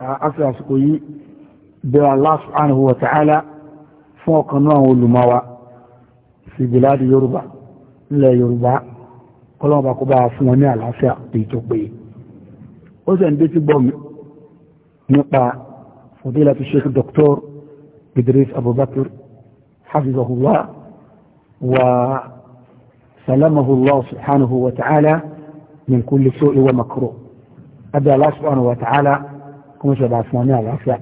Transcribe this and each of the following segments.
أفلاس قوي بلا الله سبحانه وتعالى فوق ما هو في بلاد يربع لا يربع قلوا باكو باها سنوني على في قوي تقوي وزن بيت بوم نقا فضيلة الشيخ الدكتور إدريس أبو بكر حفظه الله وسلمه الله سبحانه وتعالى من كل سوء ومكروه أدى الله سبحانه وتعالى kó ń ṣọba fún ọ ní àlàáfíà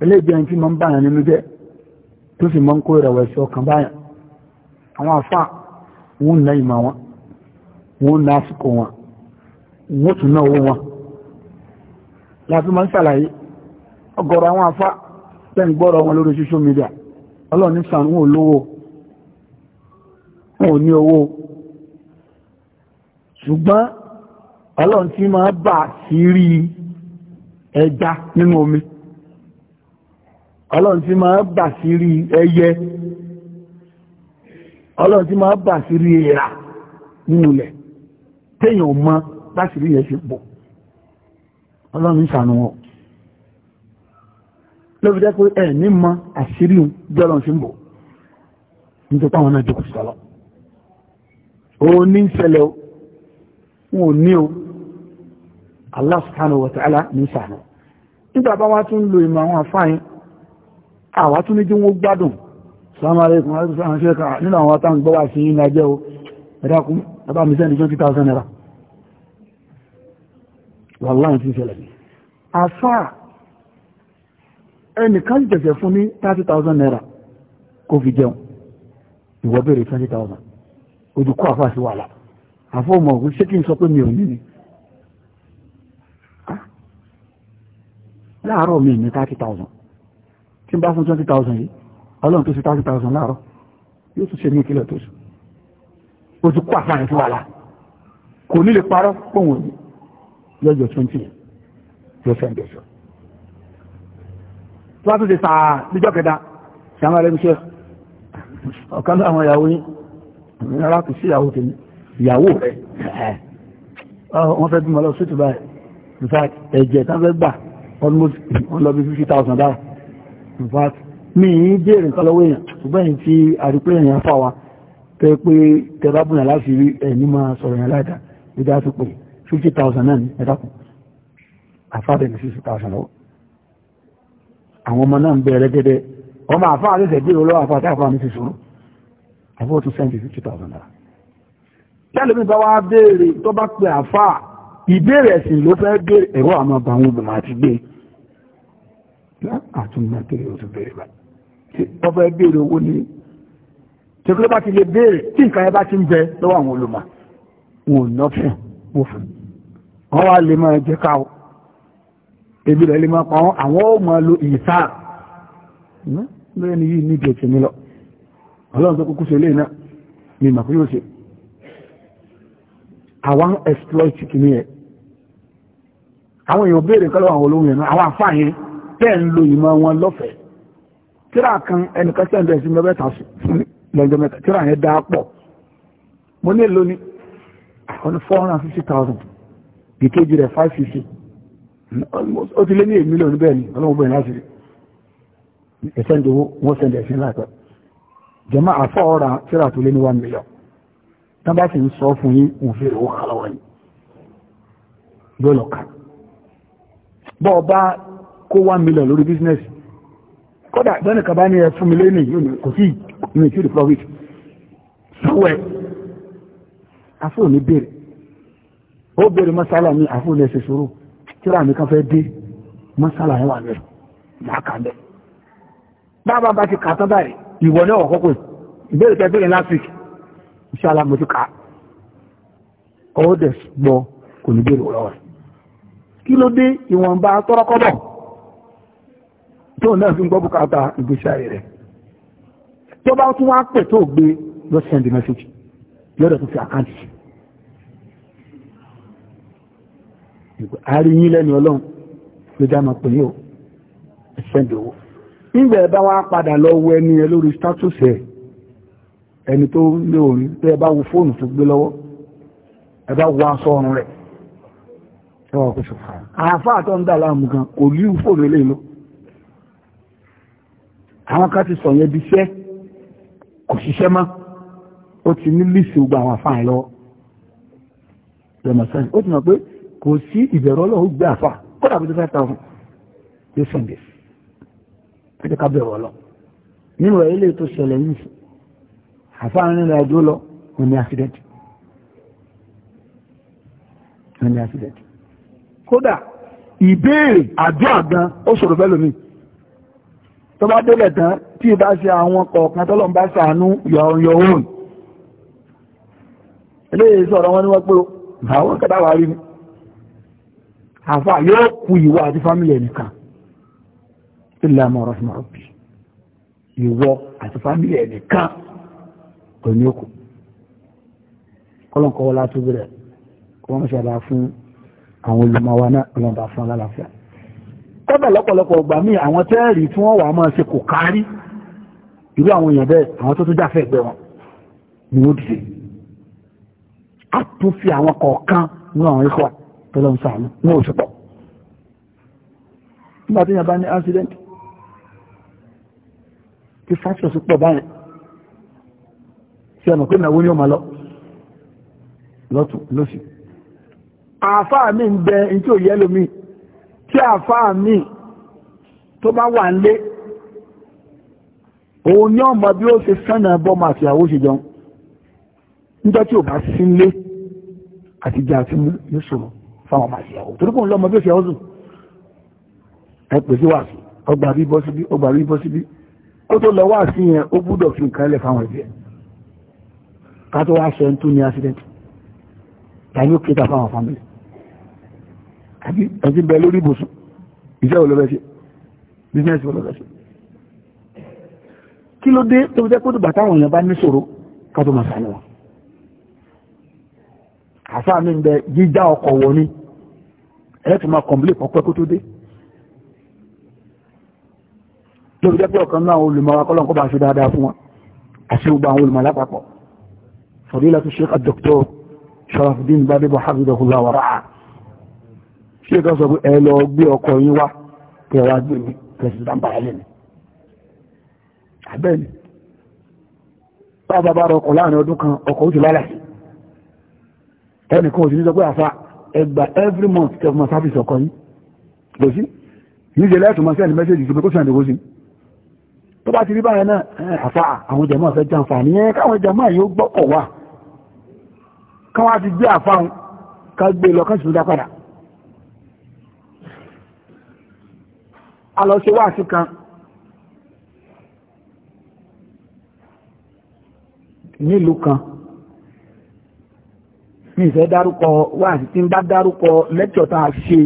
eléyìí ẹni tí mo ń báyàn nínú jẹ́ tó sì mọ́ ń kó ìrẹ̀wẹ̀sì ọkàn báyàn àwọn wọn ń ná wọn wọn ń ná àsìkò wọn wọn tún ná owó wọn láti máa ń ṣàlàyé ọgọrọ àwọn àfà tẹ́ǹ gbọ́rọ̀ wọn lórí social media ní sàn wọn ò lówó wọn ẹja nínú omi ọlọ́run tí ma bà sí rí ẹyẹ ọlọ́run tí ma bà sí rí èèrà nínú ilẹ̀ ma mọ́ láti rí ẹ ṣe pọ̀ ọlọ́run ìṣànú wọn ló fi jẹ́ ẹ̀ ní àṣírí bí ọlọ́run bọ̀ nítorí náà jókòó Allah subhanahu wa ta'ala ní sàánà nígbà bá wá tún lo ìmọ̀ àwọn àfáyín àwá tún ní jí wọ́n gbádùn Assalamu alaikum nínú àwọn atán gbọ́wà sí iná jẹ́ o ẹ̀dàkùn ẹbá mi sẹ́ni 20,000 naira wàláhì tí ṣẹlẹ̀ ní àfá ẹnìkan jẹ̀sẹ̀ fún ní 30,000 naira kó fi jẹun ojúkọ́ àfá sí wàhálà àfọ́ ọmọ òkú ṣé kí sọ pé mi ò ní ni láàárọ̀ mi ní 30,000 tí n bá fún 20,000 yìí ọlọ́run tó sí 30,000 láàárọ̀ yóò tún ṣe ní ìkílẹ̀ tó sùn ó ti kó àfáàní fún wàhálà kò ní lè parọ́ pòun òní lọ́jọ́ 20 yóò fẹ́ ǹdẹ̀ṣọ́ tó wá tún ti sàá níjọ́ kẹta ṣàmà rẹ̀ ṣe ọ̀kan ní àwọn ìyàwó yìí rárá kò sí ìyàwó tèmi ìyàwó rẹ̀ wọ́n fẹ́ bímọ lọ sí ìtùbá ẹ̀jẹ̀ tán fẹ́ gbà almost wọ́n lọ bí 50,000 dára in fact mi yí jẹ́rìn kọlọ́wọ́ èèyàn ṣùgbọ́n èyí tí àdúgbò èèyàn fà wá tẹ́ pé tẹ́lábùnà láti rí ẹni máa sọ̀rọ̀ yẹn láìda ìdá tó pé 50,000 náà ní ẹ̀dàkùn àfáàdẹ̀ ní 50,000 lọ́wọ́ àwọn ọmọ náà ń bẹ̀rẹ̀ gẹ́gẹ́ ọmọ àfáà àdẹ́sẹ̀ dé olówó àfáà tí àfáà mi ti sọ̀rọ̀ àfọ́ tún sẹ́ǹdì 50,000 náà tẹ́lẹ̀ mi bá wá béèrè tó bá pe àfáà ìbéèrè ẹ̀sìn ló fẹ́ béèrè ẹ̀rọ àmọ́ bá àwọn obìnrin àti gbé àtúnmọ̀ kiri ó tún béèrè báyìí ó fẹ́ béèrè owó ní tẹ́kọ́ ló bá ti lè béèrè tí nǹkan ẹ bá ti ń bẹ lọ́wọ́ àwọn olùmọ̀ wọn ò ná fún wọn àwọn èèyàn béèrè kọ́lọ́ àwọn olóhùn ẹ̀nà àwọn àfáà yẹn bẹ́ẹ̀ ń lo ìmọ̀ wọn lọ́fẹ̀ẹ́ tíra kan ẹnìkan sẹ́ńdẹ̀ sí mẹ́ta fún lọ́jọ́ mẹ́ta tíra yẹn dá pọ̀ mo ní èlò ní ọdún four hundred and fifty thousand ìkejì rẹ̀ five fifty Almost. ó ti lé ní èmi lónìí bẹ́ẹ̀ ni ọlọ́run bẹ́ẹ̀ láti rí ẹ̀sẹ̀ǹdẹ̀ owó wọ́n sẹ́ńdẹ̀ sí láìpẹ́ jẹ́mọ́ àfọ́ ọ̀ra tíra tó lé ní one million tábà sì ń sọ fún yín òfin òwò kálọ̀ wọ̀nyí yóò lọ kàlọ́ bọ́ ọba kó 1 million lórí business kódà bẹ́ẹ̀ni kàbá ní ẹ fún mi lẹ́nì kò sí ìrìn tí ó di profit sọ́wẹ́ afóòní bèèrè ó bèèrè masala ní afóòní ẹsẹ̀ ṣòro tíra mi kan fẹ́ dé masala ẹwà rẹ̀ máa kà bẹ́ẹ̀ bábá bá ti kà tán báyìí ìwọ náà kọ́kọ́ ìbéèrè tẹ́ bèèrè last week inshallah mo ti kà ó dẹ̀ gbọ́ kò ní bèèrè ọ̀rọ̀ kí ló dé ìwọ̀nba tọ́rọ́kọ́bọ̀ tó náà fi ń gbọ́ bùkátà ìgbésí ayé rẹ̀ tó bá tún wá pẹ̀ tó gbé lọ send the message lọ́dọ̀ tó fi àkáǹtì sí àárín yín lẹ́nu ọlọ́run ló já máa pè ní o send owó nígbà ẹ bá wá padà lọ wo ẹni ẹ lórí status ẹ ẹni tó lé òun tẹ́ ẹ bá wo fóònù tó gbé lọ́wọ́ ẹ bá wo aṣọ ọrùn rẹ̀ ẹwà kò ṣùfà àfá àtọ́ ń dà láàmù gan kò líú fóònù ilé lọ àwọn kan ti sọ yẹn bí iṣẹ́ kò ṣiṣẹ́ mọ́ ó ti ní lísì gba àwọn àfá lọ lẹ́mọ̀sán ó ti mọ̀ pé kò sí ìbẹ̀rù ọlọ́run gbé àfá kódà bí tó fẹ́ ta fún yóò sàn ẹjọ́ ká bẹ̀rù ọlọ́ nínú ẹ̀ tó ṣẹlẹ̀ yìí àfá rìnrìn àjò lọ òní accident kódà ìbéèrè àdúrà gan ó ṣòro fẹ́ lómi tó bá délẹ̀ tán tí ìbá ṣe àwọn kọ̀ọ̀kan tó lọ́n bá ṣàánú yọ̀ọ̀yọ̀ òun eléyìí sọ̀rọ̀ wọn ni wọ́n pé àwọn kẹta wà rí ni àfà yóò kú ìwọ àti fámílì ẹnìkan ilẹ̀ àmọ́ ọ̀rọ̀ ìmọ̀ ọ̀bì ìwọ àti fámílì ẹnìkan òní òkú kọ́lọ̀kọ́ wọlá tó bẹ̀rẹ̀ kọ́lọ̀ àwọn olùmọ̀wá náà ọlọ́ba fún alálàáfíà kọ́bẹ̀ lọ́pọ̀lọpọ̀ ọgbà míì àwọn tẹ́ẹ̀rì tí wọ́n wà máa ṣe kò kárí irú àwọn èèyàn bẹ́ẹ̀ àwọn tó tún jáfẹ́ ẹgbẹ́ wọn ni ó dìde a tún fi àwọn kọ̀ọ̀kan ní àwọn ikọ̀ tọ́lọ́ sàánú ní òṣùpọ̀ nígbà tí yàn bá ní accident tí fractures pọ̀ báyìí sí ọ̀nà pé ìnáwó ni ó máa lọ lọ́tún lọ́sìn àáfàá mi ń bẹ ní tí ò yẹ lómi tí àáfàá mi tó bá wà nílé òun ní ọmọ bí ó ṣe sánà bọ́mọ àti àwọ́ ṣe jọun níjọ́ tí ò bá sí nílé àti jẹ́ àti mú ní sọ̀rọ̀ fáwọn ọmọ àti àwọ́ torí kò ń lọ́mọ bí ó ṣe ọ́zùn ẹ pèsè wàásù ọgbà rí bọ́ síbí ọgbà rí bọ́ síbí kó tó lọ wá sí yẹn ó gbúdọ̀ fi nǹkan ẹlẹ̀ fáwọn ẹgbẹ́ ká tó wá sọ ẹni tó ní accident tàbí ó kéta fáwọn family àbí ẹ̀sìn bẹ lórí ibùsùn iṣẹ́ olóbẹ́ ṣe business olóbẹ́ ṣe kí ló dé tó jẹ́ kó dùgbà táwọn èèyàn bá níṣòro ká tó máa sàánú wọn àfáà mi ń bẹ jíjá ọkọ̀ wọ ní ẹ̀ẹ́tù máa kọ̀m̀lé pọ̀pẹ́ kó tó dé ló fi jẹ́ pé ọ̀kan náà olùmọ̀wá kọ́lọ̀ kó bá ṣe dáadáa fún wa àti gbogbo àwọn olùmọ̀ lápapọ̀ fọ̀dílà tó ṣe Dr. Sharafuddin Gbadebo hafidahullah wa ra'a kí ẹ kàn sọ pé ẹ lọ gbé ọkọ yín wá kẹ wá gbé mi kẹsì dáńbà alẹ́ mi abẹ́ni bàbá bá rọkọ̀ láàrin ọdún kan ọkọ̀ ó ti lálàsì ẹnìkan ò sí ní sọ pé àfa ẹgbà every month kẹfùmọ̀ sáfíìsì ọkọ̀ yín lọ sí níjẹ lẹ́ẹ̀tù máa sẹ́ẹ̀lì mẹ́sẹ̀jì sí mẹ́kọ́sí àdìgbò sí tó bá ti rí báyẹn náà àfa àwọn jàmáà fẹ́ jàǹfà nìyẹn káwọn jàmáà yóò gbọ́kọ̀ wà káwọn ti gbé àfa ká gbé lọ káṣùn dá padà alọ́ṣe wà sí kan nílùú kan ní ìfẹ́ dárúkọ wà sí tí ń bá dárúkọ lẹ́tọ̀ọ̀ta ṣe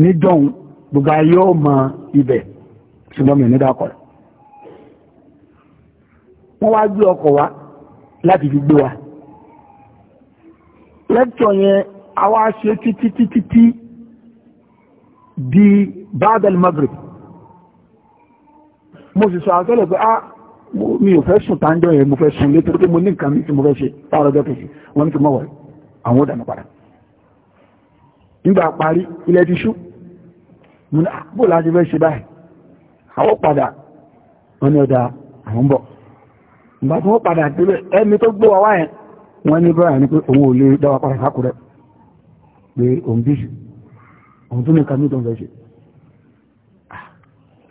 ní jọun gbogbo ayé ọmọ ibẹ̀ ṣùgbọ́n mi ní dákọ̀ wọ́n wá gbé ọkọ̀ wá láti fi gbé wa lẹ́tọ̀ yẹn a wá ṣe títí títí di ba'da al mo sì sọ àtọ́lẹ̀ pé á ah, mi ò fẹ́ sùn tánjọ́ yẹn mo fẹ́ sùn lé torí pé mo ní nǹkan mi tí mo fẹ́ ṣe láàárọ̀ ọjọ́ kejì wọ́n ní kí mọ́ wọ̀rẹ́ àwọn òdànà padà nígbà parí ilẹ̀ ti ṣú mo ní àpò ah, láti fẹ́ ṣe báyìí àwọn padà wọ́n ní ọ̀dà àwọn ń bọ̀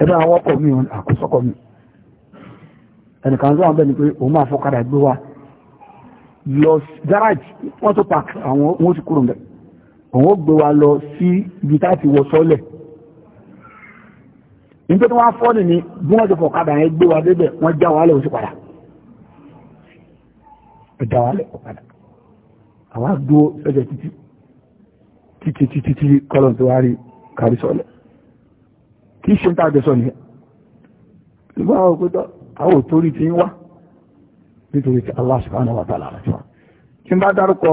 ẹ̀bá àwọn ọkọ̀ mi àkósọ́kọ̀ mi ẹnìkan tó wà bẹ́ẹ̀ pé òun máa fọ́kadà gbé wa lọ garage wọ́n tó park àwọn wọ́n ti kúrò ń òun ó gbé wa lọ sí ibi tá ti wọ sọ́lẹ̀ nítorí wọ́n á fọ́ọ̀nì ni bí wọ́n ti fọ̀kadà yẹn gbé wa débẹ̀ wọ́n já wa lẹ̀ oṣù padà ẹ̀dá wa lẹ̀ ọ̀kadà àwa dúró ẹ̀jẹ̀ títí títí títí kọ́lọ̀ tó wá rí kárí sọ́lẹ̀ kí ṣe ń tà àjọsọ nìyẹn ṣùgbọ́n àwọn òpétọ́ àwọn òtórí ti ń wá nítorí tí Allah subhanahu wa ta'ala rẹ̀ tíwá tí ń bá dárúkọ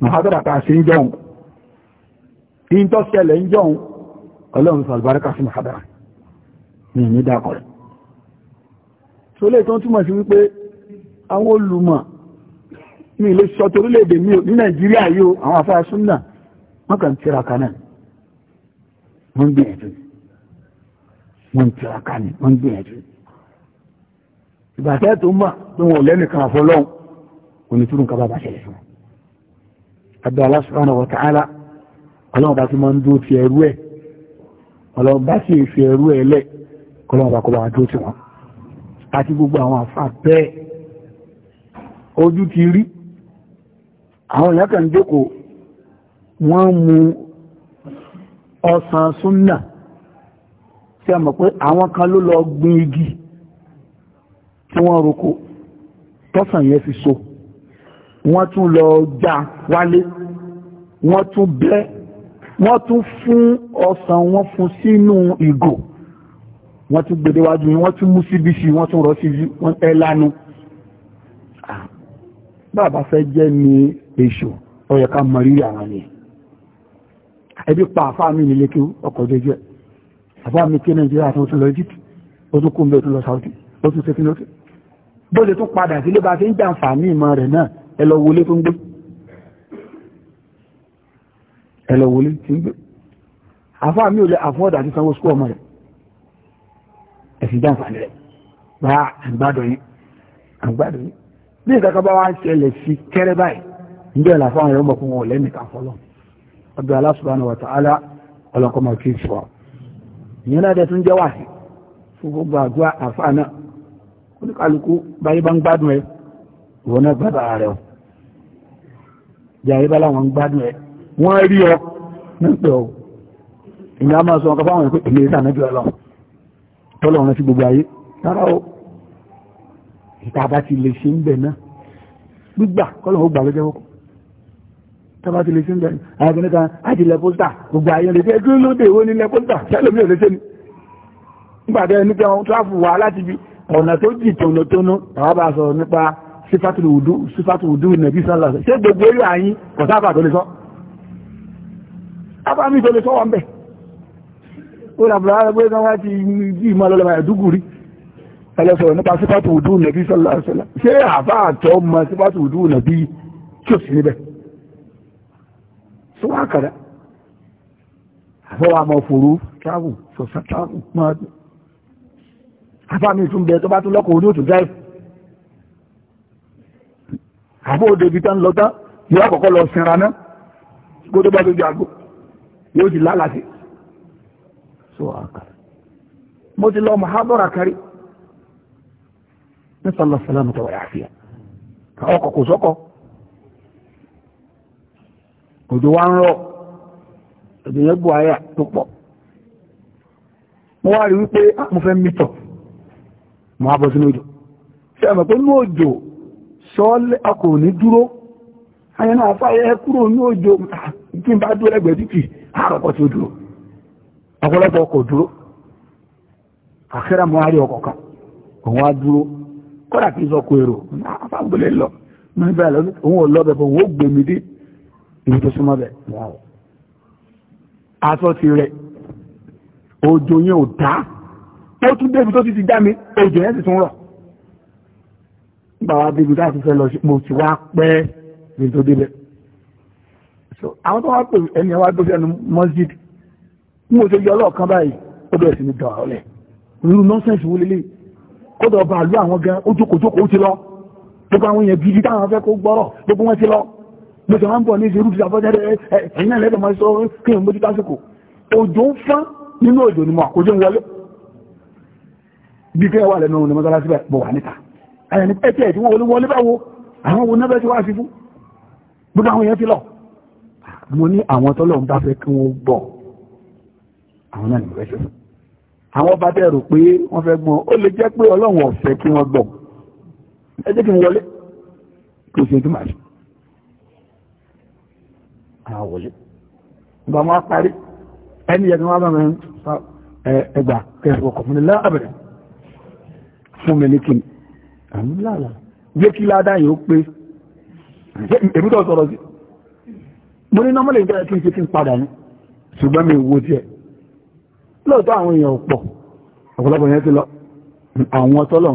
mahadara ta ṣe ń jọun in tó ṣẹlẹ̀ ń jọun ọlọ́run sọ àlùbáríkà sí mahadara ní ìní dákọ̀ rẹ̀ tó lè tán túmọ̀ sí wípé àwọn olùmọ̀ ní ilé sọ torílẹ̀-èdè ní Nàìjíríà yóò àwọn afẹ́ asúnnà wọ́n kàn tíra wọ́n gbìyànjú wọ́n ti ọ̀ká ni wọ́n gbìyànjú ìgbàtẹ́ tó mọ̀ tó wọ́n lẹ́nìkan àfọlọ́hùn onítúrùn kaba bá ṣẹlẹ̀ fún abdá Allah subhanahu wa ta'ala ọlọ́run bá ti máa ń dúró ti ẹrú ẹ̀ ọlọ́run bá sì fi ẹrú ẹ̀ lẹ̀ ọlọ́run bá kọ́ bá dúró ti wọn àti gbogbo àwọn àfa bẹ́ẹ̀ ojú ti rí àwọn èèyàn kan jókòó wọ́n mu ọsàn súnnà tí a mọ̀ pé àwọn kan ló lọ gbin igi tí wọ́n roko tọ́sàn yẹn fi so wọ́n tún lọ já wálé wọ́n tún bẹ́ wọ́n tún fún ọsàn wọn fún sínú ìgò wọ́n tún gbèdéwájú wọ́n tún mú síbí sí wọ́n tún rọ́ sí ẹ lánú bàbá fẹ́ jẹ́ ní èṣò ọ̀yẹ̀ká mọ̀ rírì àwọn ni ẹbí pa àfáà mi nílé kí ọkọ̀ jẹ́jẹ́ àbá mi kí nàìjíríà tó tún lọ egypt ó tún kún bẹ́ẹ̀ tún lọ saudi ó tún sekin lókè bó ṣe tún padà sílé bá fi ń jà àǹfààní ìmọ̀ rẹ̀ náà ẹ lọ wọlé tó ń gbé ẹ lọ wọlé tí ń gbé àfáà mi ò lè àfọ́ọ̀dà àti sanwó sukú ọmọ rẹ̀ ẹ̀sìn jà àǹfààní rẹ̀ bá àgbàdọ̀ yín bí ìtàkà bá wá ń ṣẹlẹ̀ sí kẹ́rẹ́ báyìí ń bẹ̀rẹ̀ rẹ̀ ọmọkùnrin ọ̀lẹ́nìkan fọlọ́ ọdọ̀ Allah subhanahu wa ta'ala ọlọ́kọ́ máa kí ń sọ ìyẹn náà dẹ̀ tún jẹ́ wà sí fún gbogbo àdúrà àfáà náà oníkàlùkù báyé bá ń gbádùn ẹ ìwọ náà gbádùn rẹ ọ jàyé bá láwọn ń gbádùn ẹ wọ́n rí ọ nípẹ́ ọ ìyá máa sọ ọkọ̀ fáwọn ìpé ilé ìsànájú ọlọ́run tọ́lọ̀run sí gbogbo ayé rárá o ìta bá ti lè ṣe ń bẹ̀ náà gbígbà kọ́lọ̀ ó ọkọ̀ tọ́ba ti lè ṣe ń bẹ̀rẹ̀ àgbẹ̀ni kan láti lẹ pósítà gbogbo ayé lè ṣe é lóde ìwé nílẹ̀ pósítà sẹ́lẹ̀ ò lè ṣe ni nígbàdé ẹni pé wọn tráfù wá láti bi ọ̀nà tó jì tónótónó àwọn bá sọ̀rọ̀ nípa sífàtìwùdú nàbí sálà ṣé gbogbo eré àyín kò sábà tó lè sọ abámi tó lè sọ wọn bẹ̀ ó làbùrà ara pé wọn ti bí ìmọ̀ lọ́lọ́mọ ẹ̀dúgùrí ẹlẹ́ sọ̀rọ̀ nípa sífàtìwùdú so wá kàdá àfọwọ́ àmọ́ òfòrú travel sọ̀sán travel mọ́ ọdún afáàmì tún bẹ tó bá tún lọ́kọ̀ oní òtún drive àbó òde ibi tán lọ tán yóò àkọ́kọ́ lọ sinra náà kó tó bá tó jago yóò ti lálàsì so wá mo ti lọ mọ̀hábọ̀rà kárí ní sọ́lọ́sọ́lá òjò wá ń rọ̀ òjò bù ayà tó pọ̀ mo wá rí wípé ah, mo mítọ̀ sínú òjò ṣe ẹ̀mọ̀ pé ní òjò ọkọ̀ ní dúró ayẹnà àfáyẹ kúrò ní òjò tí ah, n bá dúró lẹ́gbẹ̀ẹ́ títì àrọ̀kọ̀ tí ó dúró ọ̀pọ̀lọpọ̀ ọkọ̀ dúró àkẹ́rà ọkọ̀ kan òun ibi tó súnmọ́ bẹ̀ wọ́n aṣọ ti rẹ̀ òjò yẹn ò dá ó tún débi tó ti ti dá mi òjò yẹn sì tún rọ̀ bàbá débi láti fẹ́ lọ mo ti wá pẹ́ ní tó débẹ̀ so àwọn tó wá pè ẹni wá tó fẹ́nu mọ́síd n ò ṣe yọ ọlọ́ọ̀kan báyìí ó bẹ̀rẹ̀ sí ní dàn ọ́lẹ̀ irú nọ́sẹ̀nsì wo lélẹ̀ kódà ọba àlú àwọn gan ó jókòó jókòó ti lọ gbogbo àwọn èèyàn gidi táwọn fẹ́ kó gbọ́rọ̀ gbogbo wọn ti lọ gbèsè wọn bọ̀ ní ìṣerú ti àfọ́jẹ́rẹ́ ẹ̀yìn lẹ́dẹ̀ máa sọ kí n bójú tásìkò òjò ń fán nínú òjò ni mo àkójọ ń wọlé bí kẹ́ wà lẹ́nu ní mọ́sálásí bẹ̀ bọ̀ wà níta ẹ̀yìn ní pẹ́tẹ́ tí wọ́n wọlé báwo àwọn owó náà ti wá sí fún gbogbo àwọn èèyàn ti lọ mo ní àwọn tọ́lọ̀ ń bá fẹ́ kí àwọn wọlé ìgbà wọn parí ẹni yẹn ni wọn bá mẹ ẹgbà kẹfọ kọfún nílá abẹrẹ fún mi ní kí ni àmì láàlá jẹ́ kí ládàá yìí ó pé èmi tó sọ̀rọ̀ sí mo ní nọ́mọ́lẹ̀ ìjọba kí n ṣe kí n padà ní ṣùgbọ́n mi wo tiẹ̀ lóòótọ́ àwọn èèyàn pọ̀ ọ̀pọ̀lọpọ̀ yẹn ti lọ àwọn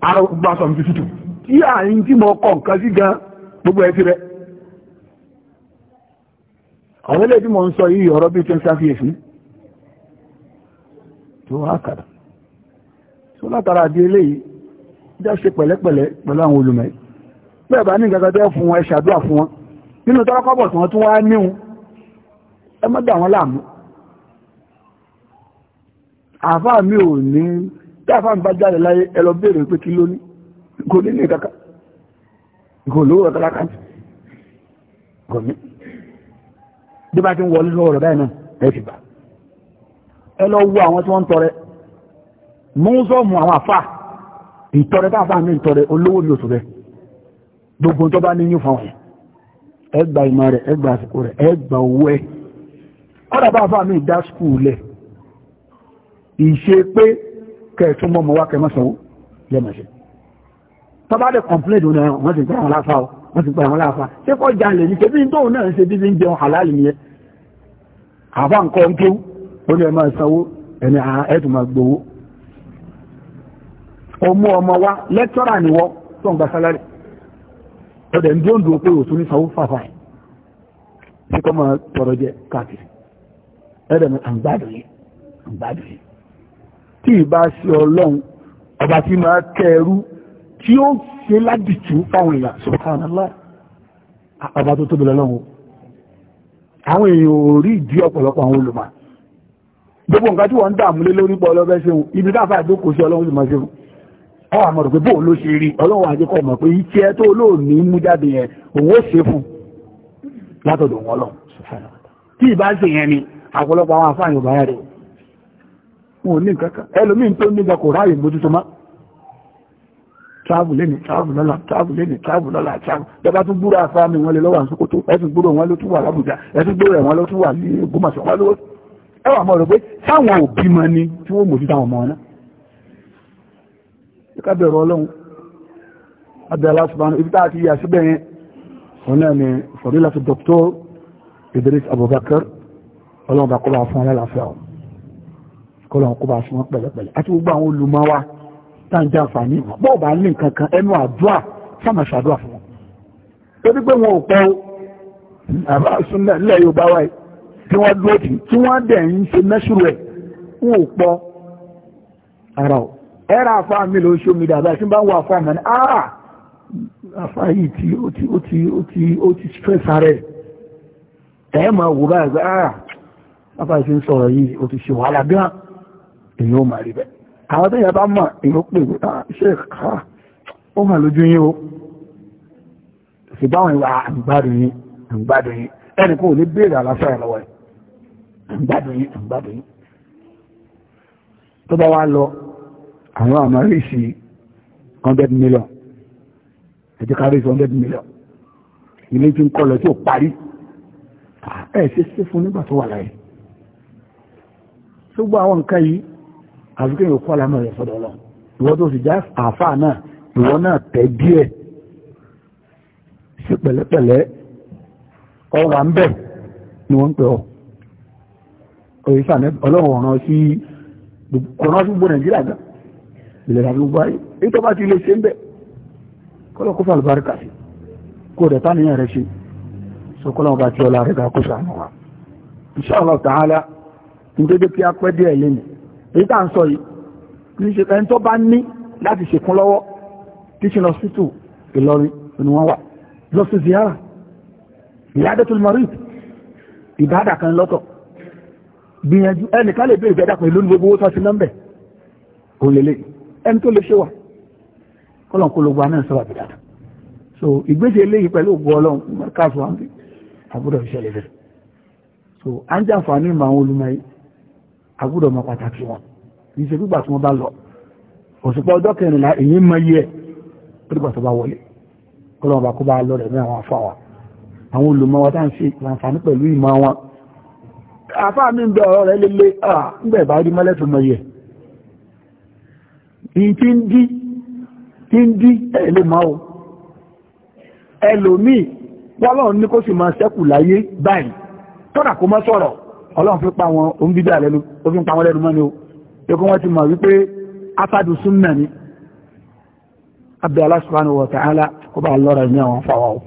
ara gbogbo aṣọ mi tútù tí àyín tí mo kọ̀ nǹkan sí gan gbogbo ẹ ti rẹ àwọn ilé tí mo ń sọ yìí ọ̀rọ̀ bí twenty five years ní tó wá kàdà tó látara àdí eléyìí jẹ́ ṣe pẹ̀lẹ́pẹ̀lẹ́ pẹ̀lú àwọn olùmọ̀ bẹ́ẹ̀ bá ní nǹkan tẹ́ fún wọn ẹ ṣàdúrà fún wọn nínú tọ́lọ́kọ́bọ̀ tí wọ́n àfáà mi ò ní táfà ń bá jáde láyé ẹlọ béèrè pé kí lóní kò ní ní kàkà kò lówó ọ̀tọ́láka kò ní bí bá ti ń wọlé lọ́wọ́ rẹ̀ báyìí náà ẹ ti bà ẹ lọ wo àwọn tí wọ́n ń tọrẹ mú sọ́ọ̀mù àwọn àfà ìtọrẹ táfà ní ìtọrẹ olówó ní oṣù rẹ̀ gbogbo tó bá níyún fún ọ̀hún ẹ ìmọ̀ rẹ̀ ẹ àsìkò rẹ̀ ẹ owó ẹ̀ kọ́dà bá àfà mi dá skul lẹ̀ ìṣe pé kẹ̀ẹ̀tún mọ́ mọ́ wá kẹ mọ́sànwó lẹ́mọ̀ṣẹ́ tọ́bá dẹ̀ complain ní wọ́n ti gbà wọn láfá o wọ́n ti gbà wọn láfá ṣé kọ́ jà lè ní ṣe bí tóun náà ṣe bí bí ń jẹun halal nìyẹn àbá nǹkan ń kéwú ó ní ẹ máa sanwó ẹni ẹ̀tù máa gbowó ọmọ ọmọ wa lẹ́tọ́rà níwọ́ tó ń gba sálárì ọdẹ̀ ń dóńdó pé òtún ní sanwó fàfà ẹ̀ tí kọ́ máa tọrọ jẹ káàkiri yìí àǹgbádùn yìí tí ìbá ṣe ọlọ́run ọba tí máa kẹrú tí ó ṣe ládìtú fáwọn èèyàn subhanallah ọba tó tóbi lọ́lọ́run àwọn èèyàn ò rí ìdí ọ̀pọ̀lọpọ̀ àwọn olùmọ̀ gbogbo nǹkan tí wọ́n ń dààmú lé lórí pọ̀ ọlọ́fẹ́ ṣeun ibi dáfà ìdókòó sí ọlọ́run ìmọ̀ ṣeun ọwọ́ àmọ̀rọ̀ pé bóò ló ṣe rí ọlọ́run àjẹkọ̀ mọ̀ pé iṣẹ́ tó lóòní mú jáde yẹn òun ó ṣe fún látọ̀dọ̀ wọn lọ tí ìbá ṣe yẹn ni àpọ̀lọpọ̀ àwọn àfáàyàn báyà rẹ̀ wọn ò ní nǹkan kan ẹlòmíín tó nígbà kò ráyè mójútó má travel lẹ́ni travel lọ́la travel lẹ́ni travel lọ́la travel lọ́ba tún gbúrò afá mi wọn lè lọ́wọ́ àsókótó ẹtún gbúrò wọn ló tún wà lábùjá ẹtún gbúrò ẹ̀ wọn ló tún wà ní Ògbómọ̀ṣọ́ wọn lówó ẹwà mọ̀ rẹ̀ pé táwọn òbí mọ ni tí wọ́n mójútó àwọn ọmọ náà ká bẹ̀rọ ọlọ́run abẹ́ aláṣùbánu ibi táà ti yà síbẹ̀ yẹn wọn náà ni fọ̀dílà ti Dr. Idris Abubakar ọlọ́run bá kọ́lá fún aláàfẹ́ kọ́lọ̀ kó bá fún pẹ̀lẹ́pẹ̀lẹ́ àti gbogbo àwọn olùmọ̀ wa táǹjà àǹfààní wọn bọ́ọ̀ bá ní nǹkan kan ẹnu àdúrà sáàmà ṣàdúrà fún wọn torí pé wọn ò pẹ́ o àbá súnlẹ̀ ilẹ̀ Yorùbá wa yìí tí wọ́n dúró tì tí wọ́n dẹ̀ ń ṣe mẹ́sùrù ẹ̀ wọn ò pọ̀ ara o ẹ̀rọ àfa mi ló ń ṣe omi dàbá tí bá ń wọ àfa mi ní ah àfa yìí tí ó ti ó ti ó ti ó ti stress ara ẹ̀ máa wò báyìí pé ah àfa yìí ti ń sọ̀rọ̀ yìí ó ti ṣe wàhálà gan-an èyí ó máa rí bẹ́ẹ̀ àwọn tó yẹ bá mọ̀ èyí ó pè ṣe ah, ká ah, ó hàn lójú yín o ṣùgbọ́n ìwà àgbàdo ah, yín àgbàdo yín ẹnì kò ní béèrè àlàáfíà lọ́wọ́ ẹ̀ àgbàdo yín àgbàdo yín tó bá wá lọ àwọn àmàríṣì 100 million ẹjẹ́ káríṣì 100 million ilé tí ń kọ́ lọ tí ó parí ẹ̀ ṣe ṣe fún nígbà tó wà láyé ṣùgbọ́n àwọn nǹkan yìí àfikún yóò kọ́ alámọ̀ rẹ̀ fọ́dọ̀ lọ ìwọ tó sì já àáfà náà ìwọ náà tẹ̀ díẹ̀ sí pẹ̀lẹ́pẹ̀lẹ́ ọwà ń bẹ̀ ni wọ́n ń pẹ̀ ọ́ òyìnbá ọlọ́run ọ̀ràn sí kọ̀ọ̀nà sí gbogbo nàìjíríà gan ilẹ̀ tàbí gbogbo ayé èyí tó bá ti lè ṣe ń bẹ̀ kọ́lọ̀ kó fàlùbáríkà sí kó rẹ̀ èyí tá à ń sọ yìí ní ṣe ẹni tó bá ní láti ṣèkún lọ́wọ́ teaching hospital Ìlọrin ni wọ́n wà lọ sí ziyara ìyádẹ́tul marid ìbádà kan lọ́tọ̀ gbìyànjú ẹnìkan lè bèèrè ìbẹ́dà pẹ̀lú ní gbogbo owó tó nọ́mbẹ̀ kò lè lè ẹni tó lè ṣe wà kọ́lọ̀n kó lóògbà náà sọ́wà bìdà so ìgbésẹ̀ eléyìí pẹ̀lú ògbó ọlọ́run káàfù àbúrò ìṣẹ̀lẹ̀ rẹ̀ so à ń jàǹfààní àwọn olùmọ̀ yìí agbúdọ̀ mọ pàtàkì wọn ìṣe gbígbà tí wọ́n bá lọ òṣùpá ọjọ́ kẹrìnlá èyí mọ yẹ pípa tó bá wọlé kọlọ́wọ́n bá kó bá lọ rẹ̀ ní àwọn afọ wa àwọn olùmọ̀wọ́ tá ń ṣe láǹfààní pẹ̀lú ìmọ̀ wọn afá mi ń wọ́n lọ́run ní kó sì máa ṣẹ́kù láyé báyìí tọ́nà kó má sọ̀rọ̀ ọlọ́run fi pa wọn òun bídà lẹ́nu ó fi ń pa wọn lẹ́nu mọ́ ni o yóò kó wọ́n ti mọ̀ wípé afádù súnmọ̀ ni abẹ́ Allah subhanahu wa ta'ala ó bá lọ́rọ̀ ẹ̀mí àwọn fáwọn o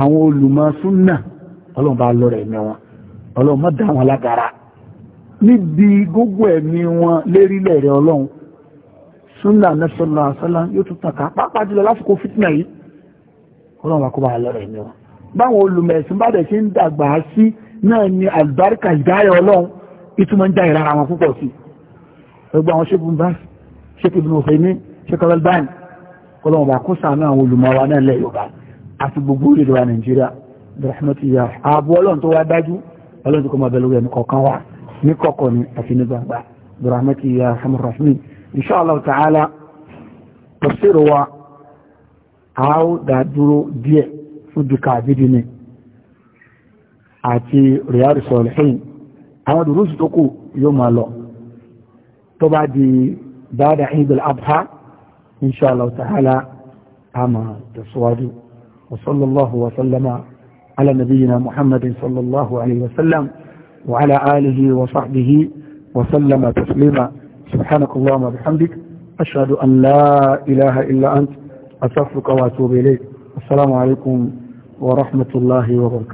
àwọn olùmọ̀ súnmọ̀ ọlọ́run bá lọ́rọ̀ ẹ̀mí wọn ọlọ́run mọ́ dá wọn lágara níbi gbogbo ẹ̀mí wọn lérílẹ̀ rẹ̀ ọlọ́run súnmọ̀ nẹ́sọ̀lọ́ àṣálá yóò tún tàn ká pápá jùlọ lásìkò fìtínà yìí ọlọ́run bá kó bá lọ́rọ̀ ẹ̀mí wọn báwọn olùmọ̀ ẹ̀sìn bá dẹ̀ ṣe ń dàgbà sí náà ni àlùbáríkà ìdáyọ̀ ọlọ́run ìtumọ̀ ń dáyẹ̀ lára wọn púpọ̀ sí ẹgbẹ́ àwọn ṣẹ́kù bá ṣẹ́kù bí mo fẹ́ ní ṣẹ́kù albani kọlọ́wọ́n bá kó sàánú àwọn olùmọ̀wá náà lẹ́ yorùbá àti gbogbo orílẹ̀ wa nàìjíríà rahmatiyya ààbò ọlọ́run tó wá dájú ọlọ́run tó kọ́ máa bẹ̀lú ẹni kọ̀ọ̀kan wa ní kọ̀kọ̀ ni àti ní gbangba rahmatiyya hamar rahmi insha ta'ala tafsir wa a ó dá dúró díẹ̀ fún dùkà àbídí ni àti riyadu sọ̀lẹ́hìn àwọn dùrúsù tó kù yóò máa lọ tó bá di báadà ìdìl abha inṣàlá ta'ala a máa tẹ̀síwájú وصلى الله وسلم على نبينا محمد صلى الله عليه وسلم وعلى آله وصحبه وسلم تسليما سبحانك اللهم وبحمدك أشهد أن لا إله إلا أنت أستغفرك وأتوب إليك السلام عليكم ورحمة الله وبركاته